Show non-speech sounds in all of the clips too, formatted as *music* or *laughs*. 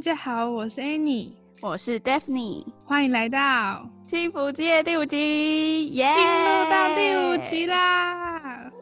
大家好，我是 Annie，我是 Daphne，歡迎來到《輕撫之夜》第五集，耶，進入到第五集啦！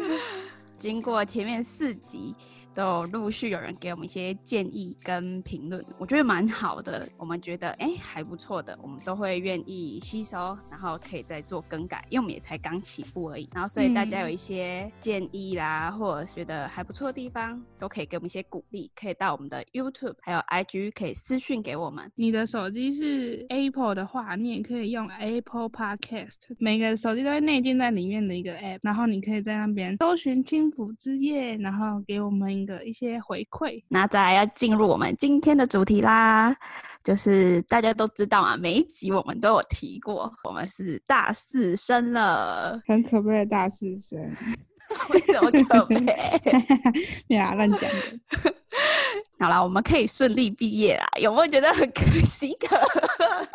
*laughs* 經過前面四集。都陸續有人給我們一些建議跟評論，我覺得蠻好的。我們覺得哎、欸、還不錯的，我們都會願意吸收，然後可以再做更改。因為我們也才剛起步而已，然後所以大家有一些建議啦，嗯、或者覺得還不錯的地方，都可以給我們一些鼓勵。可以到我們的 YouTube 還有 IG 可以私訊給我們。你的手機是 Apple 的話，你也可以用 Apple Podcast，每個手機都會內建在裡面的一個 App，然後你可以在那邊搜尋《輕撫之夜》，然後給我們的一些回饋，那再來要進入我們今天的主題啦，就是大家都知道啊，每一集我們都有提過，我們是大四生了，很可悲的大四生， *laughs* 為什麼可悲？亂 *laughs* 講 *laughs* *laughs* 好啦，我們可以順利畢業啦，有沒有覺得很可惜可？的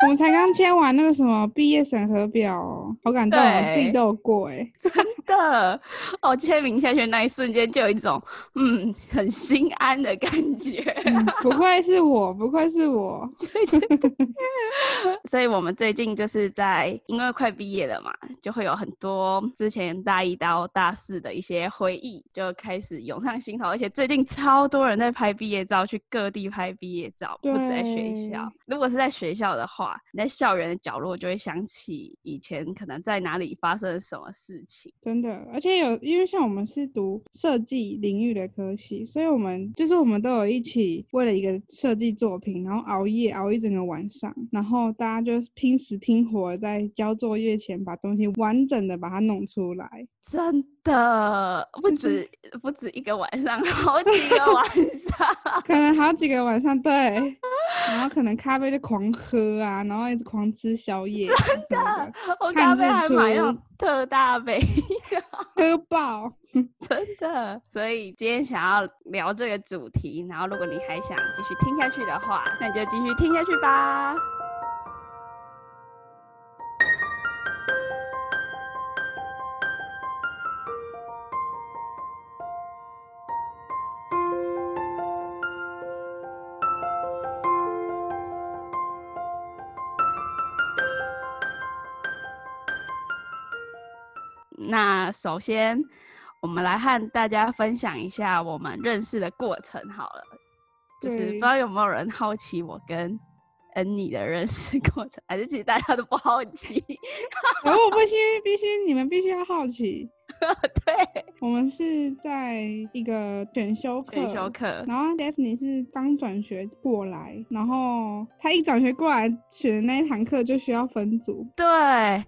*laughs* 我們才剛簽完那個什麼畢業審核表、哦，好感動、哦，自己都有過哎、欸。 *laughs* 的哦，Oh，簽名，下去那一瞬間就有一種嗯，很心安的感覺、 *laughs* 嗯，不愧是我，不愧是我。 *laughs* *laughs* 所以我們最近就是在因為快畢業了嘛，就會有很多之前大一到大，大四的一些回憶就開始湧上心頭，而且最近超多人在拍畢業照，去各地拍畢業照，不止在學校。如果是在學校的話，你在校園的角落就會想起以前可能在哪裡發生了什麼事情。真的，而且有，因為像我們是讀設計領域的科系，所以我們就是我們都有一起為了一個設計作品，然後熬夜熬一整個晚上，然後大家就拼死拼活在交作業前把東西完整的把它弄出來。真的不止，不止一個晚上，好幾個晚上， *laughs* 可能好幾個晚上，對。 *laughs* 然後可能咖啡就狂喝啊，然後一直狂吃宵夜。真的，對對對，我咖啡還買那種特大杯，喝爆， *laughs* 真的。所以今天想要聊這個主題，然後如果你還想繼續聽下去的話，那你就繼續聽下去吧。那首先，我們來和大家分享一下我們認識的過程好了，就是不知道有沒有人好奇我跟恩妮的認識過程，還是其實大家都不好奇？哦，我不須必須你們必須要好奇。 *laughs* 對，我們是在一個選修課，選修課。然後，Daphne 是剛轉學過來，然後他一轉學過來選的那一堂課就需要分組。對，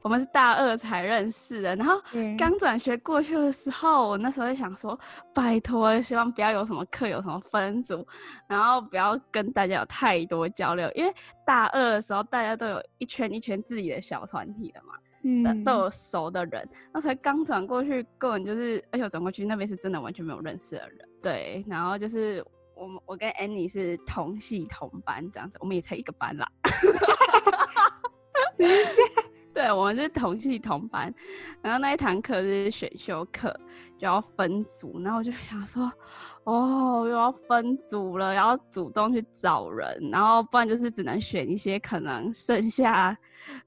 我們是大二才認識的，然後剛轉學過去的時候，我那時候就想說，拜託，希望不要有什麼課有什麼分組，然後不要跟大家有太多交流，因為大二的時候大家都有一圈一圈自己的小團體了嘛。那、嗯、都有熟的人，那才剛轉過去，根本就是，而且轉過去那邊是真的完全沒有認識的人。對，然後就是我們，我跟 Annie 是同系同班這樣子，我們也才一個班啦。 *laughs* *laughs* yeah. 對，我們是同系同班，然後那一堂課是選修課，就要分組，然後我就想說。哦、oh，又要分組了，然後主動去找人，然後不然就是只能選一些可能剩下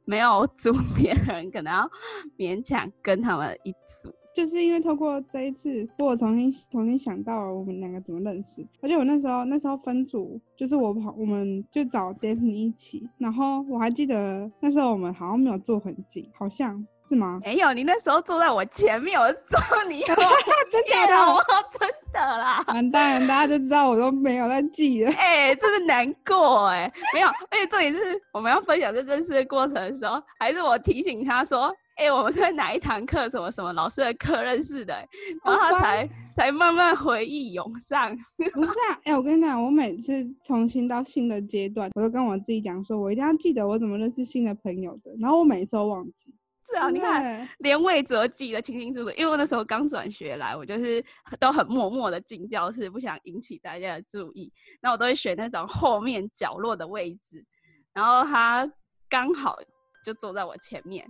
沒有組別的人，可能要勉強跟他們一組。就是因為通過這一次，我重新重新想到了我們兩個怎麼認識。而且我那時候那時候分組，就是我跑我們就找 Daphne 一起，然後我還記得那時候我們好像沒有坐很近，好像。是嗎？沒有，你那時候坐在我前面，我坐你後面， *laughs* 真假的嗎？真的啦，完蛋，大家就知道我都沒有在記了。哎、欸，真的難過哎、欸， *laughs* 沒有，而且這也是我們要分享這件事的過程的時候，還是我提醒他說，哎、欸，我們是在哪一堂課什麼什麼老師的課認識的、欸，然後他才才慢慢回憶湧上。 *laughs* 不是、啊，哎、欸，我跟你講，我每次重新到新的階段，我都跟我自己講說，我一定要記得我怎麼認識新的朋友的，然後我每次都忘記。對啊，你看，連位置記得清清楚楚，因為我那時候剛轉學來，我就是都很默默的進教室，不想引起大家的注意。那我都會選那種後面角落的位置，然後他剛好就坐在我前面。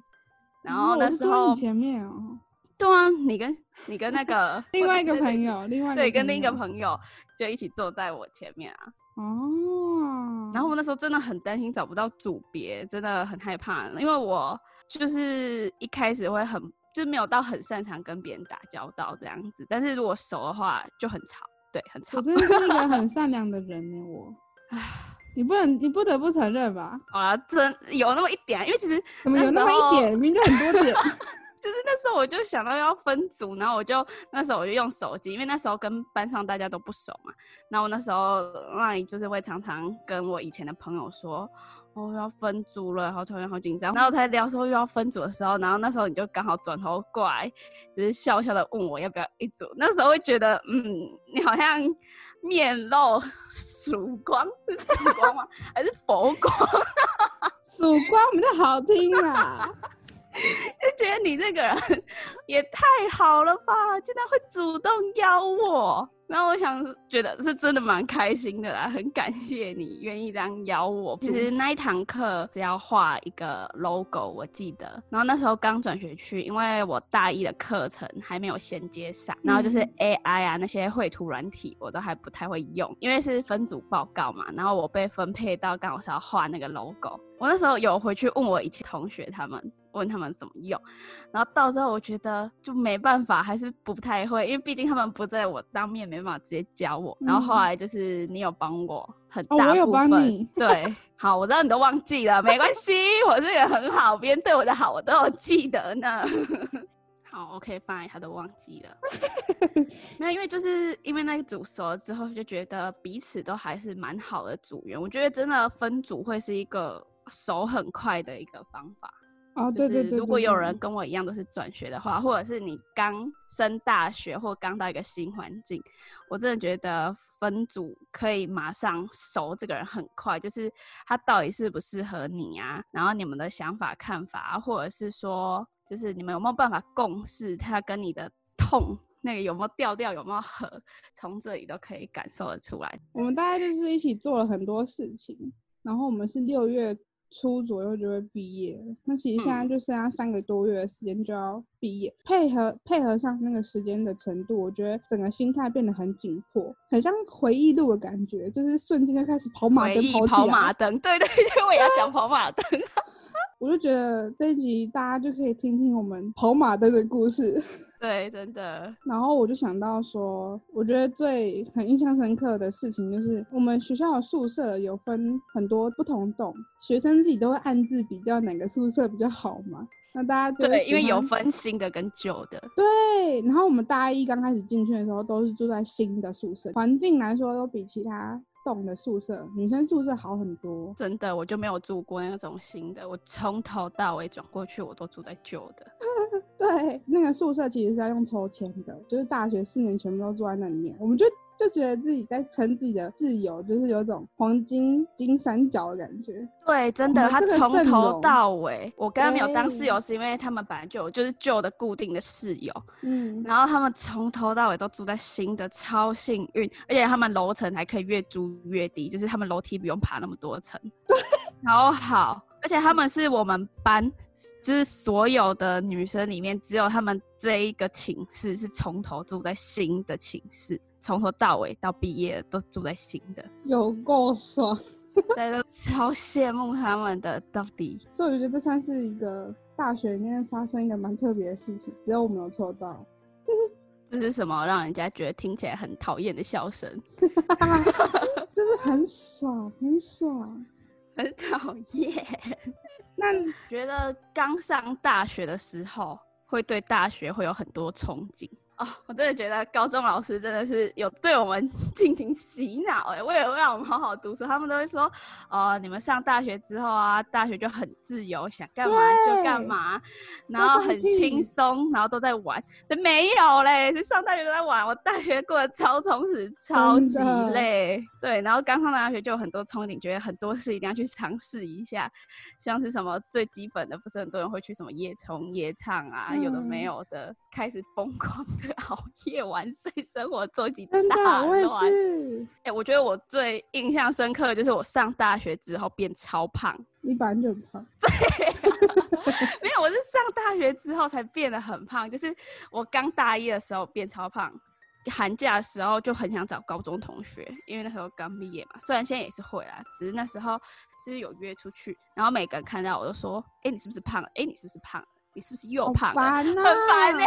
然後那時候、哦、坐你前面哦。對啊，你跟你跟那個 *laughs* 另外一個朋友，另外對，跟另一個朋友就一起坐在我前面啊。哦。然後我那時候真的很擔心找不到組別，真的很害怕，因為我。就是一開始會很，就是沒有到很擅長跟別人打交道這樣子，但是如果熟的話就很吵，對，很吵。我真的是一個很善良的人呢， *laughs* 我。唉，你不能，你不得不承認吧？啊，真有那麼一點，因為其實怎麼有那麼一點？明明很多的。 *laughs* 就是那時候我就想到要分組，然後我就那時候我就用手機，因為那時候跟班上大家都不熟嘛，然後那時候啊，那就是會常常跟我以前的朋友說。哦，要分組了，好討厭，好緊張，然後他在聊時候又要分組的時候，然後那時候你就剛好轉頭過來，只是笑笑的問我要不要一組，那時候會覺得，嗯，你好像面露曙光，是曙光嗎？ *laughs* 還是佛光？ *laughs* 曙光比較好聽啊。 *laughs* *laughs* 就覺得你這個人也太好了吧，竟然會主動邀我。然後我想覺得是真的蠻開心的啦，很感謝你願意這樣邀我。嗯、其實那一堂課只要畫一個 logo，我記得。然後那時候剛轉學去，因為我大一的課程還沒有銜接上、嗯，然後就是 AI 啊那些繪圖軟體我都還不太會用，因為是分組報告嘛。然後我被分配到剛好是要畫那個 logo。我那時候有回去問我一些同學他們。問他們怎麼用，然後到時候我覺得就沒辦法，還是不太會，因為畢竟他們不在我當面，沒辦法直接教我。嗯、然後後來就是你有幫我很大部分，哦、對， *laughs* 好，我知道你都忘記了，沒關係， *laughs* 我這個人很好，別人對我的好我都有記得呢。 *laughs* 好，OK fine，他都忘記了， *laughs* 沒有，因為就是因為那個組熟了之後，就覺得彼此都還是蠻好的組員。我覺得真的分組會是一個熟很快的一個方法。哦、oh，就是如果有人跟我一樣都是轉學的話，對對對對，或者是你剛升大學或剛到一個新環境，我真的覺得分組可以馬上熟這個人很快，就是他到底適不適合你啊？然後你們的想法看法，或者是說，就是你們有沒有辦法共事？他跟你的痛那個有沒有調調有沒有合？從這裡都可以感受得出來。我們大概就是一起做了很多事情，然後我們是六月初左右就會畢業，那其實現在就剩下三個多月的時間就要畢業。嗯，配合配合上那個時間的程度，我覺得整個心態變得很緊迫，很像回憶錄的感覺，就是瞬間就開始跑馬燈。跑馬燈，對對，對， *laughs* 我也要講跑馬燈， *laughs* *laughs* 我就覺得這一集大家就可以聽聽我們跑馬燈的故事。對，真的。然後我就想到說，我覺得最很印象深刻的事情就是，我們學校的宿舍有分很多不同棟，學生自己都會暗自比較哪個宿舍比較好嘛。那大家對，就是，因為有分新的跟舊的。對。然後我們大一剛開始進去的時候，都是住在新的宿舍，環境來說都比其他。棟的宿舍，女生宿舍好很多，真的，我就沒有住過那種新的，我從頭到尾轉過去，我都住在舊的。 *laughs* 對，那個宿舍其實是要用抽籤的，就是大學四年全部都住在那裡面，我們就。就覺得自己在稱自己的自由，就是有一種黃金金三角的感覺。對，真的，他從頭到尾。我剛剛沒有當室友，是因為他們本來就有，就是舊的固定的室友。嗯。然後他們從頭到尾都住在新的，超幸運。而且他們樓層還可以越租越低，就是他們樓梯不用爬那麼多層。超好。而且他們是我們班，就是所有的女生裡面，只有他們這一個寢室是從頭住在新的寢室。從頭到尾到畢業都住在新的，有夠爽！大家都超羨慕他們的，到底。 *laughs* 所以我覺得這算是一個大學裡面發生一個蠻特別的事情，只有我沒有做到。 *laughs* 這是什麼讓人家覺得聽起來很討厭的笑聲？哈哈哈哈哈！就是很爽，很爽，很討厭。 *laughs* 那覺得剛上大學的時候會對大學會有很多憧憬。哦、oh，我真的覺得高中老師真的是有對我們進行洗腦哎、欸，為了讓我們好好讀書，他們都會說，哦、呃，你們上大學之後啊，大學就很自由，想幹嘛就幹嘛，然後很輕鬆，然後都在玩，都沒有嘞，是上大學都在玩，我大學過得超充實，超級累，對，然後剛上大學就有很多憧憬，覺得很多事一定要去嘗試一下，像是什麼最基本的，不是很多人會去什麼夜衝、夜唱啊、嗯，有的沒有的，開始瘋狂。熬夜晚睡。生活中期真的，大亂。哎、欸，我覺得我最印象深刻的就是我上大學之後變超胖，一般就很胖。對、啊， *laughs* 沒有，我是上大學之後才變得很胖。就是我剛大一的時候變超胖，寒假的時候就很想找高中同學，因為那時候剛畢業嘛。雖然現在也是會啦，只是那時候就是有約出去，然後每個人看到我都說：“哎、欸，你是不是胖了？哎、欸，你是不是胖？你是不是又胖了？”啊、很煩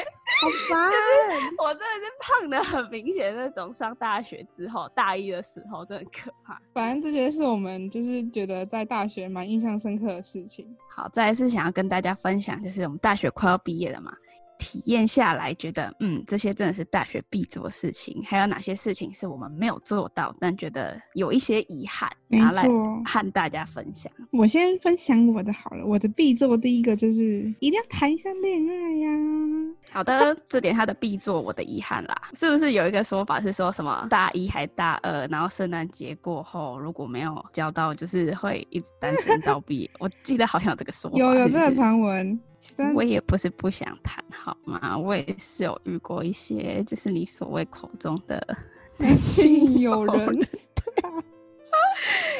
*laughs* 好煩、欸， *laughs* 就是我真的是胖得很明顯那種。上大學之後，大一的時候真的很可怕。反正這些是我們就是覺得在大學蠻印象深刻的事情。好，再來是想要跟大家分享，就是我們大學快要畢業了嘛。體驗下來，覺得嗯，這些真的是大學必做的事情。還有哪些事情是我們沒有做到，但覺得有一些遺憾，拿來和大家分享。我先分享我的好了。我的必做第一個就是一定要談一下戀愛呀。好的， *laughs* 這點他的必做，我的遺憾啦，是不是有一個說法是說什麼大一還大二，然後聖誕節過後如果沒有交到，就是會一直單身到畢業。 *laughs* 我記得好像有這個說法，有，有這個傳聞。是其實我也不是不想談，好嗎？我也是有遇過一些，就是你所謂口中的男性友人， *laughs*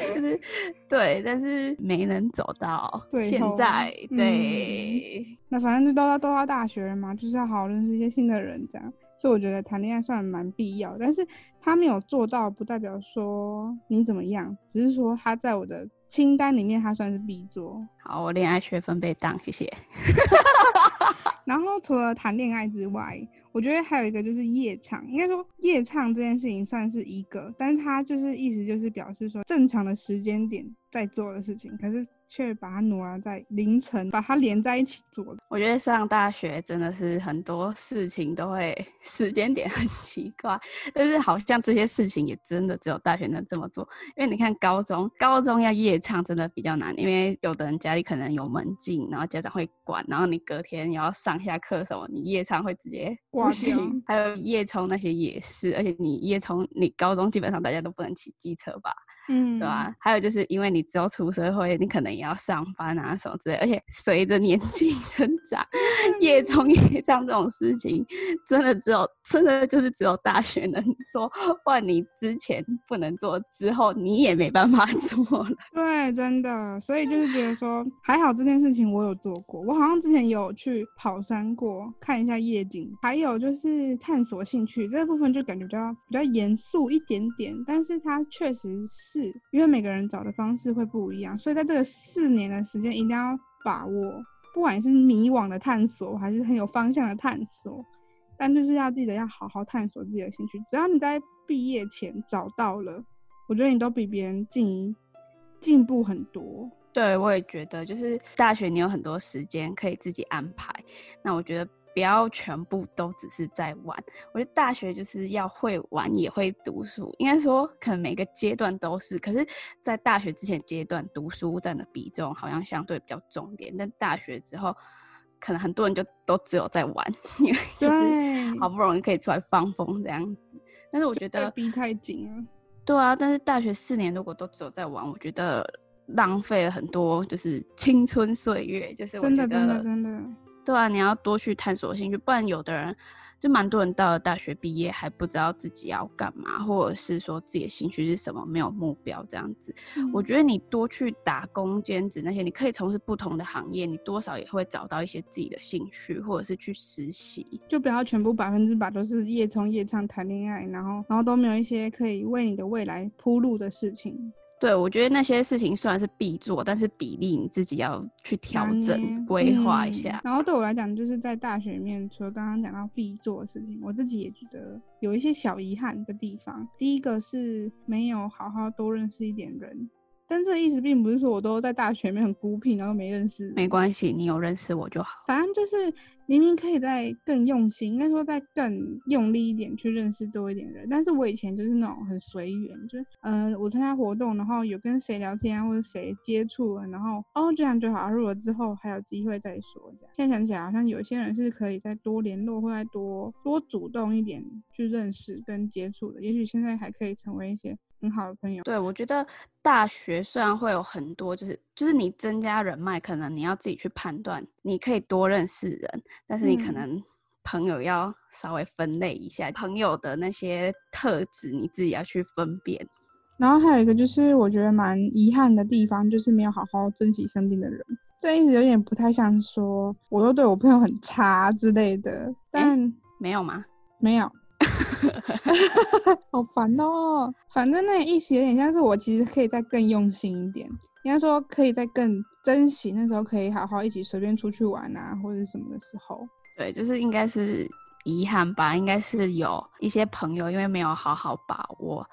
對， *laughs* *laughs* 就是對，但是沒能走到現在，對，對、嗯。那反正就都到都到大學了嘛，就是要好好認識一些新的人，這樣。所以我覺得談戀愛算蠻必要，但是他沒有做到，不代表說你怎麼樣，只是說他在我的清單裡面，它算是必做。好，我戀愛學分被當，謝謝。 *laughs* *laughs* 然後除了談戀愛之外，我覺得還有一個就是夜唱，應該說夜唱這件事情算是一個，但是它就是意思就是表示說正常的時間點。在做的事情，可是卻把它挪在凌晨，把它連在一起做的。我覺得上大學真的是很多事情都會時間點很奇怪，但是好像這些事情也真的只有大學能這麼做。因為你看高中，高中要夜唱真的比較難，因為有的人家裡可能有門禁，然後家長會管，然後你隔天又要上下課什麼，你夜唱會直接哇行。還有夜衝那些也是，而且你夜衝，你高中基本上大家都不能騎機車吧。嗯，對啊，還有就是因為你之後出社會，你可能也要上班啊什麼之類的，而且隨着年紀增長，夜衝夜唱這種事情， *laughs* 真的只有真的就是只有大學能說，換你之前不能做，之後你也沒辦法做了。對，真的，所以就是覺得說 *laughs* 還好這件事情我有做過，我好像之前有去跑山過，看一下夜景，還有就是探索興趣這個部分就感覺比較比較嚴肅一點點，但是它確實是。因為每個人找的方式會不一樣，所以在這個四年的時間一定要把握，不管是迷惘的探索，還是很有方向的探索，但就是要記得要好好探索自己的興趣。只要你在畢業前找到了，我覺得你都比別人進進步很多。對，我也覺得，就是大學你有很多時間可以自己安排，那我覺得。不要全部都只是在玩，我覺得大學就是要會玩也會讀書，應該說可能每個階段都是，可是，在大學之前階段讀書佔的比重好像相對比較重點，但大學之後，可能很多人就都只有在玩，因為就是好不容易可以出來放風這樣子。但是我覺得逼太緊啊。對啊，但是大學四年如果都只有在玩，我覺得浪費了很多就是青春歲月，就是我覺得。真的真的真的。對啊，你要多去探索興趣，不然有的人就蠻多人到了大學畢業還不知道自己要幹嘛，或者是說自己的興趣是什麼，沒有目標這樣子。嗯。我覺得你多去打工兼職那些，你可以從事不同的行業，你多少也會找到一些自己的興趣，或者是去實習，就不要全部百分之百都是夜衝夜唱談戀愛，然後然後都沒有一些可以為你的未來鋪路的事情。對，我覺得那些事情雖然是必做，但是比例你自己要去調整、規劃一下。嗯，然後對我來講，就是在大學裡面，除了剛剛講到必做的事情，我自己也覺得有一些小遺憾的地方。第一個是沒有好好多認識一點人。但這意思並不是說我都在大學裡面很孤僻，然後沒認識。沒關係，你有認識我就好。反正就是明明可以再更用心，應該說再更用力一點去認識多一點人。但是我以前就是那種很隨緣，就是嗯、呃，我參加活動，然後有跟誰聊天啊，或者誰接觸，然後哦，這樣就好了，如果之後還有機會再說。這樣現在想起來，好像有些人是可以再多聯絡，或者多多主動一點去認識跟接觸的。也許現在還可以成為一些很好的朋友，對，我覺得大學雖然會有很多，就是就是你增加人脈，可能你要自己去判斷，你可以多認識人，但是你可能朋友要稍微分類一下，嗯、朋友的那些特質你自己要去分辨。然後還有一個就是我覺得蠻遺憾的地方，就是沒有好好珍惜身邊的人。這一直有點不太像說我都對我朋友很差之類的，欸、但沒有嗎？沒有。哈哈哈哈哈，好煩哦、喔。反正那意思有點像是我其實可以再更用心一點。應該說可以再更珍惜那時候可以好好一起隨便出去玩啊，或者什麼的時候。對，就是應該是遺憾吧，應該是有一些朋友因為沒有好好把握。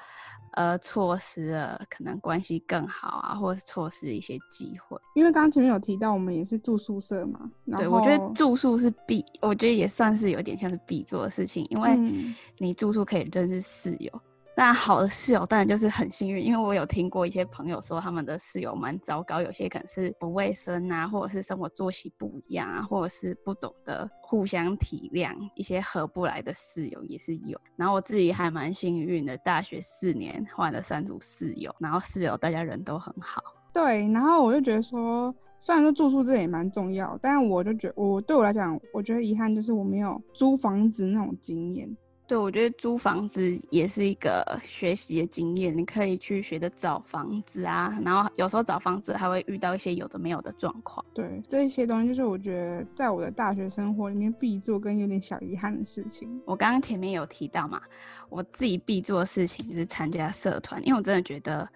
呃，錯失了可能關係更好啊，或者錯失一些機會。因為剛剛前面有提到，我們也是住宿舍嘛。對，我覺得住宿是必，我覺得也算是有點像是必做的事情，因為你住宿可以認識室友。嗯那好的室友當然就是很幸運，因為我有聽過一些朋友說他們的室友蠻糟糕，有些可能是不衛生啊，或者是生活作息不一樣啊，或者是不懂得互相體諒，一些合不來的室友也是有。然後我自己還蠻幸運的，大學四年換了三組室友，然後室友大家人都很好。對，然後我就覺得說，雖然說住宿這也蠻重要，但我就覺得我對我來講，我覺得遺憾就是我沒有租房子那種經驗。對，我覺得租房子也是一個學習的經驗，你可以去學着找房子啊，然後有時候找房子還會遇到一些有的沒有的狀況。對，這一些東西就是我覺得在我的大學生活裡面必做跟有點小遺憾的事情。我剛剛前面有提到嘛，我自己必做的事情就是參加社團，因為我真的覺得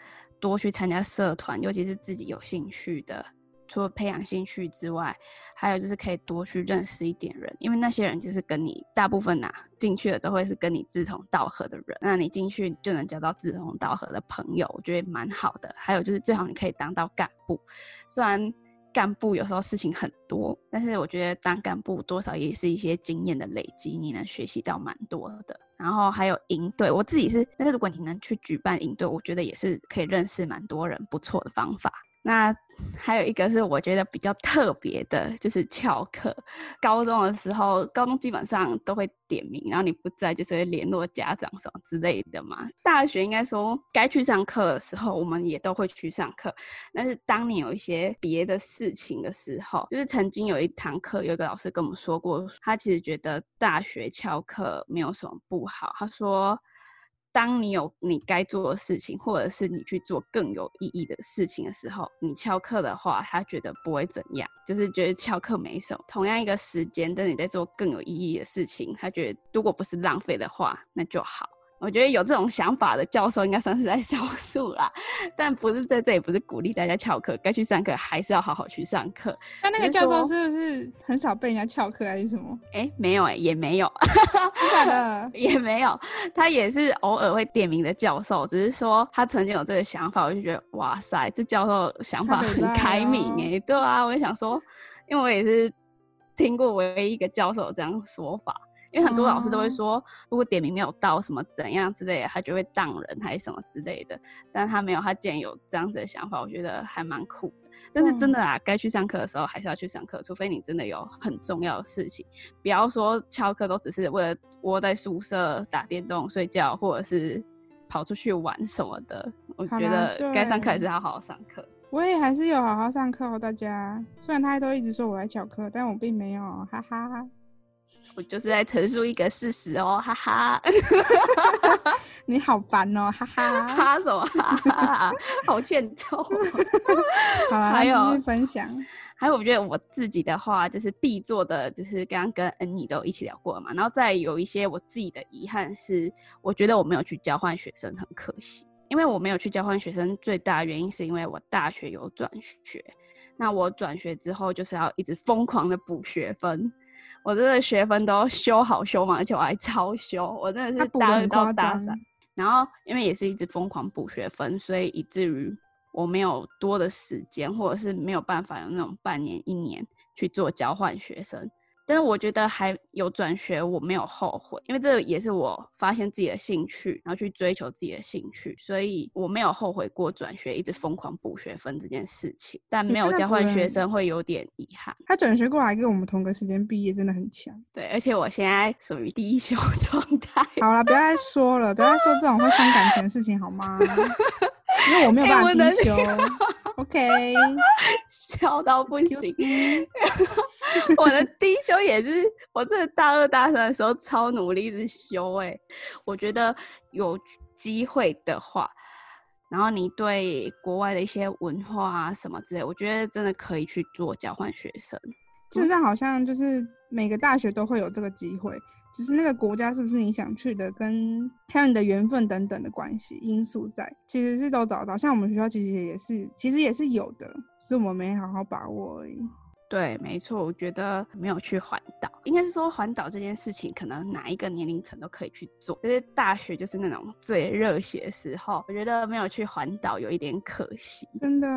多去參加社團，尤其是自己有興趣的。除了培養興趣之外，還有就是可以多去認識一點人，因為那些人就是跟你大部分吶、啊、進去的都會是跟你志同道合的人，那你進去就能交到志同道合的朋友，我覺得蠻好的。還有就是最好你可以當到幹部，雖然幹部有時候事情很多，但是我覺得當幹部多少也是一些經驗的累積，你能學習到蠻多的。然後還有營隊，我自己是，但是如果你能去舉辦營隊，我覺得也是可以認識蠻多人，不錯的方法。那還有一個是我覺得比較特別的，就是翹課。高中的時候，高中基本上都會點名，然後你不在就是會聯絡家長什麼之類的嘛。大學應該說該去上課的時候，我們也都會去上課。但是當你有一些別的事情的時候，就是曾經有一堂課，有一個老師跟我們說過，他其實覺得大學翹課沒有什麼不好。他說。當你有你該做的事情，或者是你去做更有意義的事情的時候，你翹課的話，他覺得不會怎樣，就是覺得翹課沒什麼。同樣一個時間，但你在做更有意義的事情，他覺得如果不是浪費的話，那就好。我覺得有這種想法的教授應該算是在少數啦，但不是在這也不是鼓勵大家翹課，該去上課還是要好好去上課。那那個教授是不是很少被人家翹課，還是什麼？哎、欸，沒有哎、欸，也沒有，哈哈，了，也沒有。他也是偶爾會點名的教授，只是說他曾經有這個想法，我就覺得哇塞，這教授想法很開明哎、欸。對啊，我也想說，因為我也是聽過唯一一個教授這樣說法。因為很多老師都會說，嗯、如果點名沒有到什麼怎樣之類的，他就會當人還是什麼之類的。但他沒有，他既然有這樣子的想法，我覺得還蠻酷。但是真的啊，該、嗯、去上課的時候還是要去上課，除非你真的有很重要的事情。不要說翹課都只是為了窩在宿舍打電動、睡覺，或者是跑出去玩什麼的。我覺得該上課還是要好好上課。我也還是有好好上課哦，大家。雖然他都一直說我來翹課，但我並沒有，哈哈。我就是在陳述一個事實哦，哈哈， *laughs* *laughs* 你好煩哦，哈哈， *laughs* 哈什麼？哈哈哈哈好欠揍。 *laughs* *laughs* 好、啊，還有繼續分享，還有我覺得我自己的話就是必做的，就是剛剛跟恩妮都一起聊過了嘛。然後再有一些我自己的遺憾是，我覺得我沒有去交換學生很可惜，因為我沒有去交換學生，最大原因是因為我大學有轉學，那我轉學之後就是要一直瘋狂的補學分。嗯我真的學分都修好修滿，而且我還超修，我真的是大二到大三，然後因為也是一直瘋狂補學分，所以以至於我沒有多的時間，或者是沒有辦法用那種半年、一年去做交換學生。但是我覺得還有轉學，我沒有後悔，因為這也是我發現自己的興趣，然後去追求自己的興趣，所以我沒有後悔過轉學，一直瘋狂補學分這件事情。但沒有交換學生會有點遺憾、欸那個。他轉學過來跟我們同個時間畢業，真的很強。對，而且我現在屬於低修狀態。好了，不要再說了， *laughs* 不要再說這種會傷感情的事情，好嗎？ *laughs* 因為我沒有辦法低修。低修。OK。笑到不行。 *laughs* *laughs* 我的低修也是，我真的大二大三的時候超努力的修哎。我覺得有機會的話，然後你對國外的一些文化啊什麼之類，我覺得真的可以去做交換學生。現在好像就是每個大學都會有這個機會，只是那個國家是不是你想去的，跟像你的緣分等等的關係因素在，其實是都找到。像我們學校其實也是，其實也是有的，是我們沒好好把握而已。對，沒錯，我覺得沒有去環島，應該是說環島這件事情，可能哪一個年齡層都可以去做。就是大學就是那種最熱血的時候，我覺得沒有去環島有一點可惜，真的。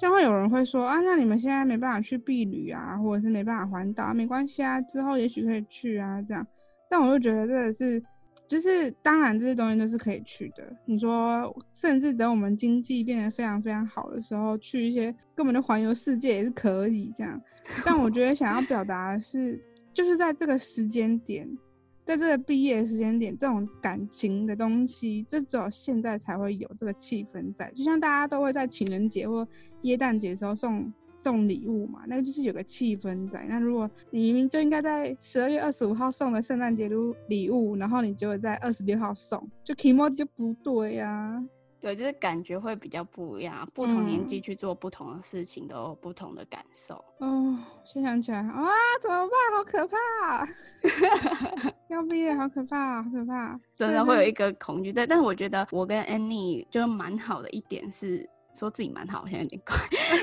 像會有人會說啊，那你們現在沒辦法去畢旅啊，或者是沒辦法環島，沒關係啊，之後也許可以去啊這樣。但我就覺得這是。就是當然，這些東西都是可以去的。你說，甚至等我們經濟變得非常非常好的時候，去一些根本的環遊世界也是可以這樣。但我覺得想要表達的是， *laughs* 就是在這個時間點，在這個畢業時間點，這種感情的東西，這只有現在才會有這個氣氛在。就像大家都會在情人節或耶誕節時候送。送禮物嘛，那個就是有個氣氛在。那如果你明明就應該在十二月二十五號送的聖誕節禮物，然後你結果在二十六號送，就期末就不對呀、啊。對，就是感覺會比較不一樣。不同年紀去做不同的事情，嗯、都有不同的感受。哦，回想起來，哇，怎麼辦？好可怕！ *laughs* 要畢業，好可怕，好可怕。真的會有一個恐懼在。但我覺得我跟 Annie 就蠻好的一點是。說自己蠻好，現在有點怪，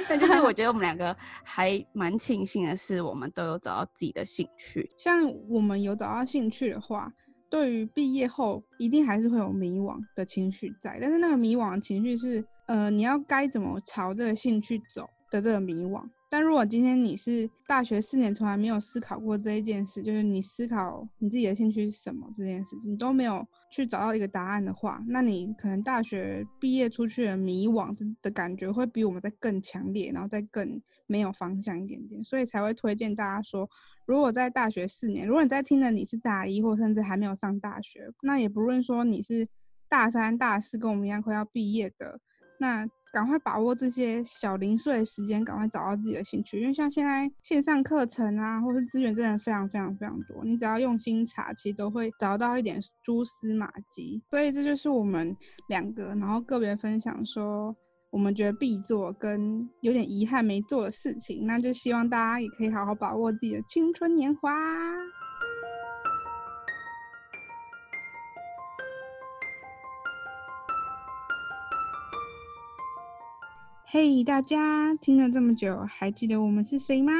但就是我覺得我們兩個還蠻慶幸的是，我們都有找到自己的興趣。像我們有找到興趣的話，對於畢業後一定還是會有迷惘的情緒在，但是那個迷惘的情緒是，呃，你要該怎麼朝這個興趣走的這個迷惘。但如果今天你是大學四年從來沒有思考過這一件事，就是你思考你自己的興趣是什麼這件事，你都沒有去找到一個答案的話，那你可能大學畢業出去的迷惘的感覺會比我們再更強烈，然後再更沒有方向一點點，所以才會推薦大家說，如果在大學四年，如果你在聽的你是大一或甚至還沒有上大學，那也不論說你是大三、大四跟我們一樣快要畢業的，那。趕快把握這些小零碎的時間，趕快找到自己的興趣，因為像現在線上課程啊，或是資源真的非常非常非常多，你只要用心查，其實都會找到一點蛛絲馬跡。所以這就是我們兩個，然後個別分享說，我們覺得必做跟有點遺憾沒做的事情，那就希望大家也可以好好把握自己的青春年華。嘿、hey，大家聽了這麼久，還記得我們是誰嗎？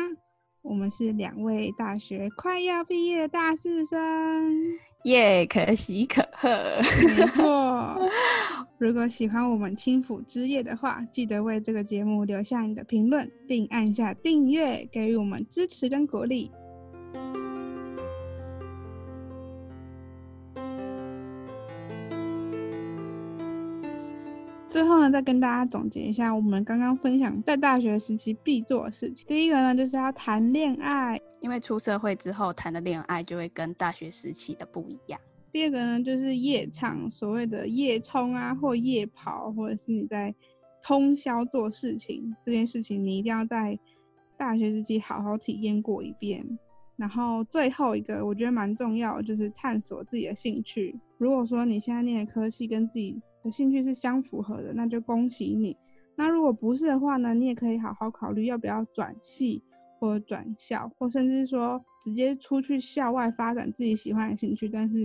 我們是兩位大學快要畢業的大四生，耶、yeah，可喜可賀。沒錯， *laughs* 如果喜歡我們《輕撫之夜》的話，記得為這個節目留下你的評論，並按下訂閱，給予我們支持跟鼓勵。再跟大家總結一下，我們剛剛分享在大學時期必做的事情。第一個呢，就是要談戀愛，因為出社會之後談的戀愛就會跟大學時期的不一樣。第二個呢，就是夜唱，所謂的夜衝啊，或夜跑，或者是你在通宵做事情這件事情，你一定要在大學時期好好體驗過一遍。然後最後一個，我覺得蠻重要的，就是探索自己的興趣。如果說你現在念的科系跟自己的興趣是相符合的，那就恭喜你。那如果不是的話呢，你也可以好好考慮要不要轉系或轉校，或甚至說直接出去校外發展自己喜歡的興趣，但是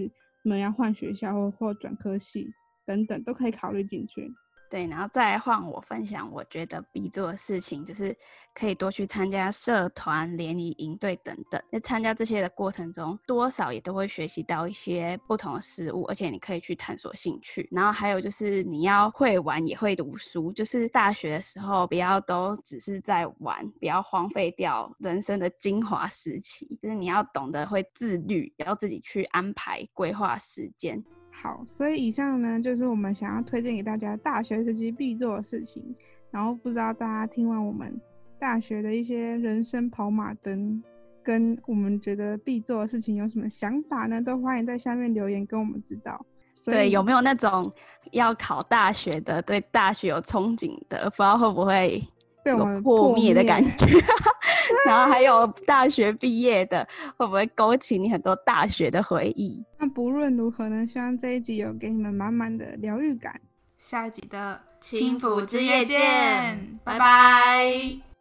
你們要換學校或或轉科系等等，都可以考慮進去。對，然後再換我分享。我覺得必做的事情就是可以多去參加社團、聯誼、營隊等等。在參加這些的過程中，多少也都會學習到一些不同的事物，而且你可以去探索興趣。然後還有就是你要會玩，也會讀書。就是大學的時候，不要都只是在玩，不要荒廢掉人生的精華時期。就是你要懂得會自律，要自己去安排規劃時間。好，所以以上呢，就是我們想要推薦給大家大學時期必做的事情。然後不知道大家聽完我們大學的一些人生跑馬燈，跟我們覺得必做的事情有什麼想法呢？都歡迎在下面留言跟我們知道。對，有沒有那種要考大學的，對大學有憧憬的，不知道會不會？有破滅的感覺， *laughs* 然後還有大學畢業的，會不會勾起你很多大學的回憶？那不論如何呢，希望這一集有給你們滿滿的療癒感。下一集的輕撫之夜見，拜拜。